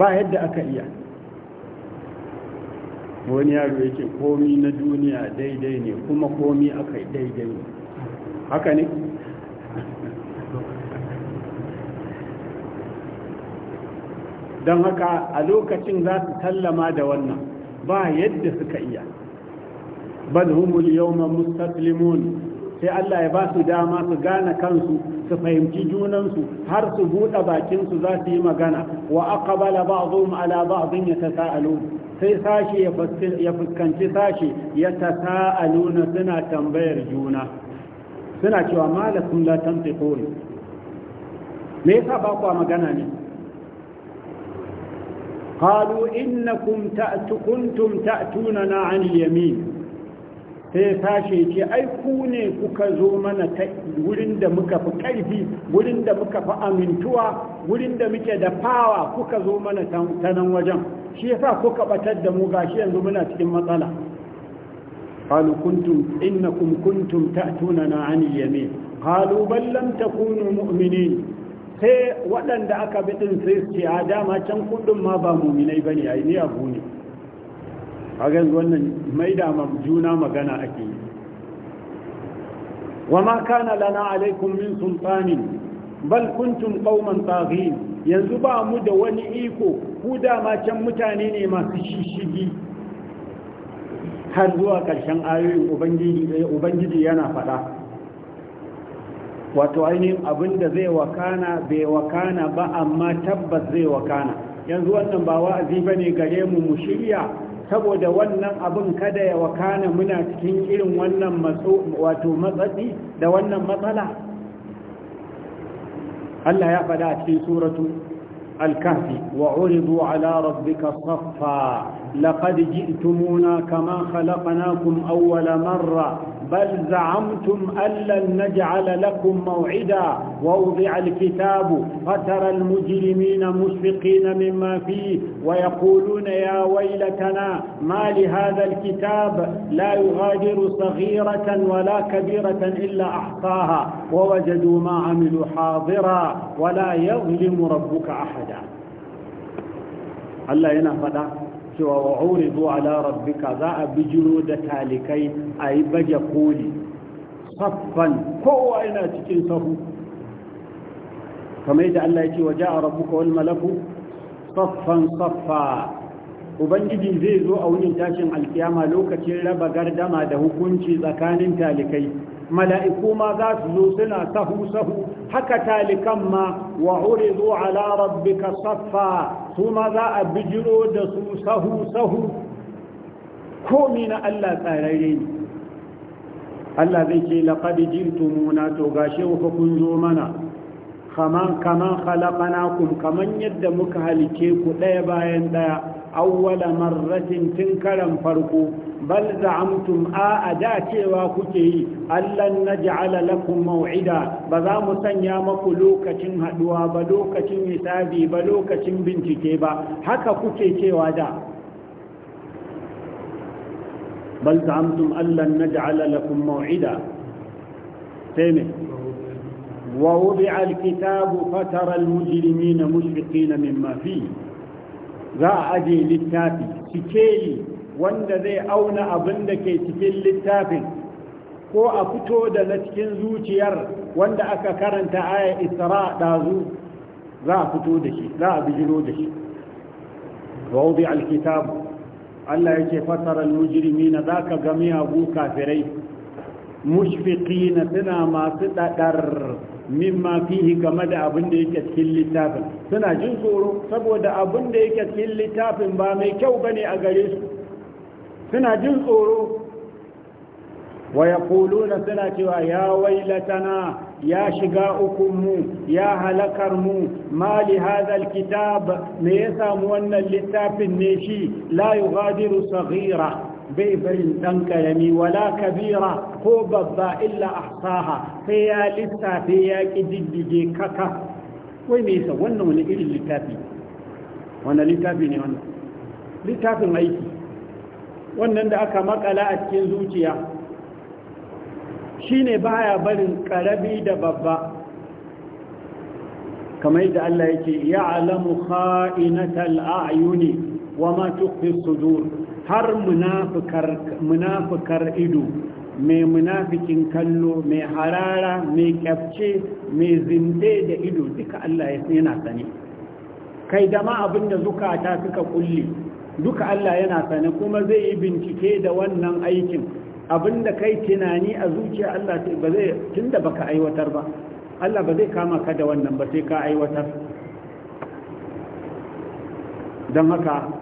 ba yadda aka iya wani yaro yake komi na duniya daidai ne kuma komi aka yi daidai ne haka ne don haka a lokacin za su tallama da wannan ba yadda suka iya bal humul yawma mustaslimun sai Allah ya ba su dama su gane kansu su fahimci junansu har su buɗe bakinsu za su yi magana wa aqbala ba'dhum ala ba'dhin yatasaalu sai sashi ya fuskanci sashi yatasaaluna suna tambayar juna suna cewa malakum la tantiqun me yasa ba ku magana ne qalu innakum ta'tukuntum ta'tunana تأتوننا yamin sai tashi ce ai ku ne kuka zo mana ta wurin da muka fi ƙarfi wurin da muka fi amintuwa wurin da muke da fawa kuka zo mana ta nan wajen shi yasa kuka batar da mu gashi yanzu muna cikin matsala قالوا كنتم إنكم كنتم na ani اليمين qalu bal lam takunu mu'minin sai waɗanda aka bi sai su ce a dama can kundin ma ba muminai bane ne ni abu ne kaga wannan mai da juna magana ake yi Wa ma kana lana alaikum min sultanin bal kuntum qauman taghin yanzu ba mu da wani iko ku dama can mutane ne masu shishigi har zuwa ƙarshen ayoyin ubangiji eh, yana faɗa wato ainihin abin da zai wakana bai wakana ba amma tabbas zai wakana yanzu wannan ba wa'azi ba ne gare mu mu shirya saboda wannan abin kada ya wakana muna cikin irin wannan wato matsatsi da wannan matsala Allah ya faɗa a cikin suratu al-kahfi wa uridu ala rabbika saffa laqad ji'tumuna kama khalaqnakum awwala marra بل زعمتم أن لن نجعل لكم موعدا ووضع الكتاب فترى المجرمين مشفقين مما فيه ويقولون يا ويلتنا ما لهذا الكتاب لا يغادر صغيرة ولا كبيرة إلا أحصاها ووجدوا ما عملوا حاضرا ولا يظلم ربك أحدا الله ينفذ cewa wa uridu ala rabbika za a bijiro da talikai a yi baje koli saffan kowa yana cikin sahu kamar yadda Allah ya ce wa ja'a rabbuka wal malaku saffan saffa ubangiji zai zo a wurin tashin alkiyama lokacin raba gardama da hukunci tsakanin talikai mala'iku ma za su zo suna sahu sahu haka talikan ma wa urizu ala rabbika saffa su ma za a bijiro da su sahu sahu komi na Allah tsararre ne Allah zai ce laqad muna to gashe ku kun zo mana kaman kaman khalaqnakum kaman yadda muka halice ku ɗaya bayan ɗaya. awwala marratin tun karan farko bal za'amtum a da cewa kuke yi allan naj'ala lakum maw'ida ba za mu sanya maku lokacin haduwa ba lokacin hisabi ba lokacin bincike ba haka kuke cewa da bal za'amtum allan naj'ala lakum maw'ida sai ne ووضع الكتاب فترى المجرمين مشفقين مما فيه za a ajiye littafi sikeli wanda zai auna abin da ke cikin littafin ko a fito da na cikin zuciyar wanda aka karanta aya isra dazu za a fito da shi za a bijiro da shi wawdi alkitab Allah yake fasara almujrimina zaka ga miyagu kafirai mushfiqina suna masu dadar mimma fihi game da abin da yake cikin littafin suna jin tsoro saboda abin da yake cikin littafin ba mai kyau bane a gare su suna jin tsoro wa suna cewa ya wailatana ya shiga ukunmu ya halakar mu mali hadal hadha me ya samu wannan littafin ne shi la yughadiru saghira bai barin ɗan ƙarami wala kabira ko babba illa ahsaha sai ya lissafe ya ƙi diddige kaka wai me yasa wannan wani irin littafi wannan littafi ne wannan littafin aiki wannan da aka makala a cikin zuciya shine baya barin ƙarami da babba kamar yadda Allah yake ya'lamu kha'inatal a'yuni wa ma tukhfi sudur har munafukar ido mai munafikin kallo mai harara mai kyafce mai zinde da ido duka Allah ya yana sane kai dama abinda zukata suka kulle duka Allah yana sane kuma zai yi bincike da wannan aikin Abin da kai tunani a zuciya Allah ba zai tunda baka aiwatar ba Allah ba zai kama ka da wannan ba sai ka aiwatar don haka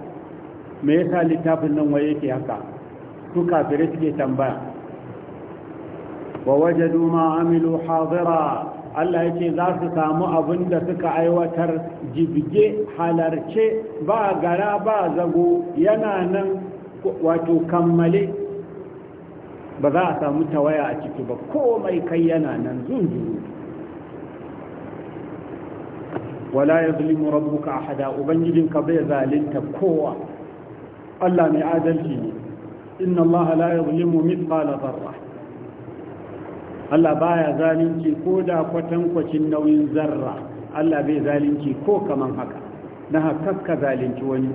me yasa littafin nan waye yake haka su kafirai suke tambaya wa wajadu ma amilu hadira Allah yake za su samu abin da suka aiwatar jibge halarce ba gara ba zago yana nan wato kammale ba za a samu tawaya a ciki ba komai kai yana nan zunzuru wala ya zulimu rabbuka ahada ubangijinka bai zalinta kowa Allah mai adalci ne inna Allah la yuzlimu mithqala dharra Allah baya zalunci ko da kwatankwacin nauyin zarra Allah bai zalunci ko kaman haka na hakka zalunci wani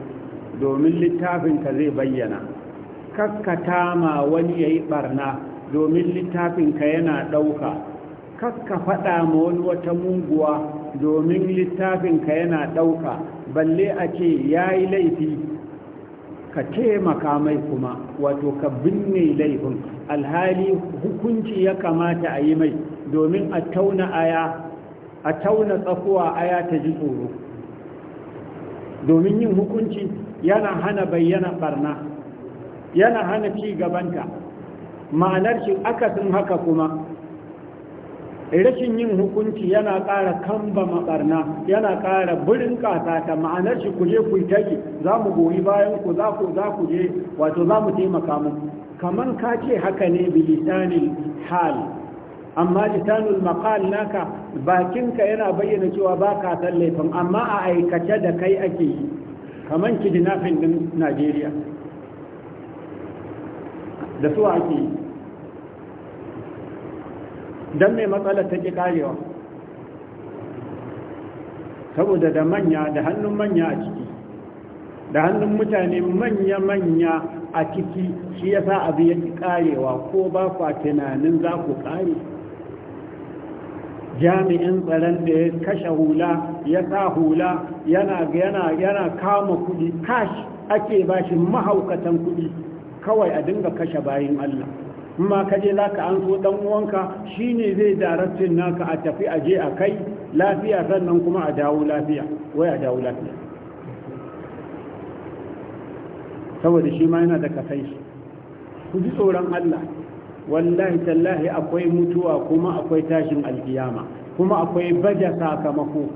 domin littafin zai bayyana kakka tama wani yayi barna domin littafin ka yana ɗauka, kakka faɗa ma wani wata munguwa domin littafin ka yana ɗauka, balle a ce yayi laifi ka taimaka mai kuma wato ka binne laifin alhali hukunci ya kamata a yi mai domin a tauna aya a tauna tsakuwa aya ta ji tsoro domin yin hukunci yana hana bayyana barna yana hana ci gabanta ma'anar shi akasin haka kuma rashin yin hukunci yana ƙara kamba maɓarna yana ƙara burin ƙasa ta ma'anar shi kuje je ku yi za mu goyi bayan ku za ku za ku je wato za mu taimaka mu kaman ka ce haka ne bilisanil hal amma lisanul maqal naka bakinka yana bayyana cewa ba ka san laifin amma a aikace da kai ake yi kaman kidnapping din Najeriya da su ake yi don mai matsalar take karewa saboda da manya da hannun manya a ciki da hannun mutane manya-manya a ciki shi ya sa abu yake karewa ko ba kwa tunanin za ku kare jami'in tsaron da ya kashe hula ya sa hula yana yana kama kudi kashi ake bashi mahaukatan kudi kawai a dinga kashe bayin Allah Kuma ma ka je za ka an so dan uwanka shine zai daraccin naka a tafi a je a kai lafiya sannan kuma a dawo lafiya wai a dawo lafiya saboda shi ma yana da kasai shi ku ji tsoron Allah wallahi tallahi akwai mutuwa kuma akwai tashin alkiyama kuma akwai baje sakamako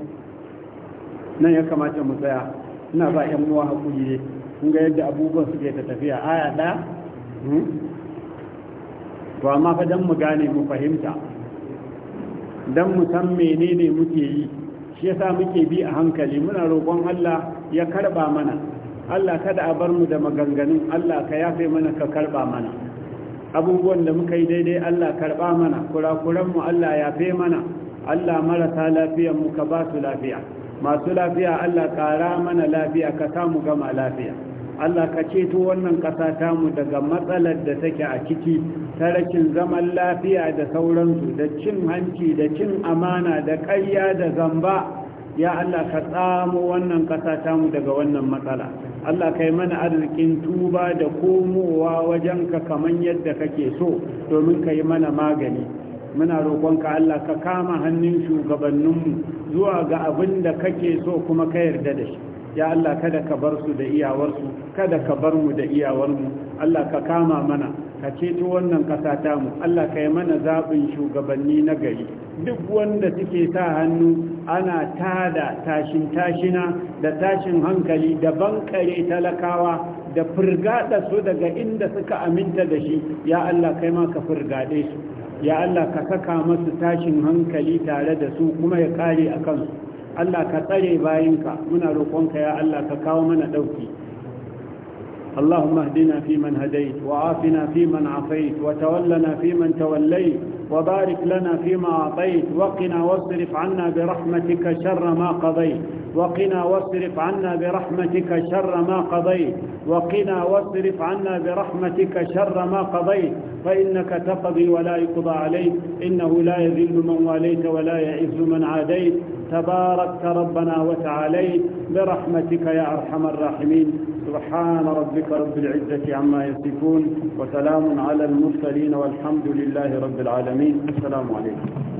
nan ya kamata mu tsaya ina ba yan uwa hakuri ne kun ga yadda abubuwan suke ta tafiya aya ɗaya hmm? to amma fa dan mu gane mu fahimta dan mu san menene muke yi shi yasa muke bi a hankali muna roƙon Allah ya karba mana Allah kada a bar mu da maganganun Allah ka yafe mana ka karba mana abubuwan da muka yi daidai Allah karba mana kurakuran mu Allah yafe mana Allah marasa lafiyan mu ka ba su lafiya masu lafiya Allah ƙara mana lafiya ka samu gama lafiya Allah ka ceto wannan ƙasa tamu daga matsalar da take a ciki ta rashin zaman lafiya da sauransu da cin hanci da cin amana da ƙarya da zamba ya Allah ka tsamo wannan ƙasa tamu daga wannan matsala Allah kai mana arzikin tuba da komowa wajenka kaman yadda kake so domin ka yi mana magani muna roƙonka Allah ka kama hannun shugabanninmu zuwa ga abin da kake so kuma ka yarda da shi ya Allah kada ka bar su da iyawarsu kada ka bar mu da iyawarmu Allah ka kama mana ka ceto wannan kasata mu. Allah ka yi mana zaɓin shugabanni na gari duk wanda suke sa hannu ana tada tashin tashina da tashin hankali da bankare talakawa da firgada su daga inda suka aminta da shi ya Allah kai ma ka firgade su ya Allah ka saka masu tashin hankali tare da su kuma ya kare a kansu Allah ka tsare bayinka muna roƙonka ya Allah ka kawo mana ɗauki اللهم اهدنا فيمن هديت وعافنا فيمن عافيت وتولنا فيمن توليت وبارك لنا فيما أعطيت وقنا واصرف عنا برحمتك شر ما قضيت وقنا واصرف عنا برحمتك شر ما قضيت وقنا واصرف عنا برحمتك شر ما قضيت فإنك تقضي ولا يقضى عليك إنه لا يذل من واليت ولا يعز من عاديت تباركت ربنا وتعاليت برحمتك يا أرحم الراحمين سبحان ربك رب العزة عما يصفون وسلام على المرسلين والحمد لله رب العالمين السلام عليكم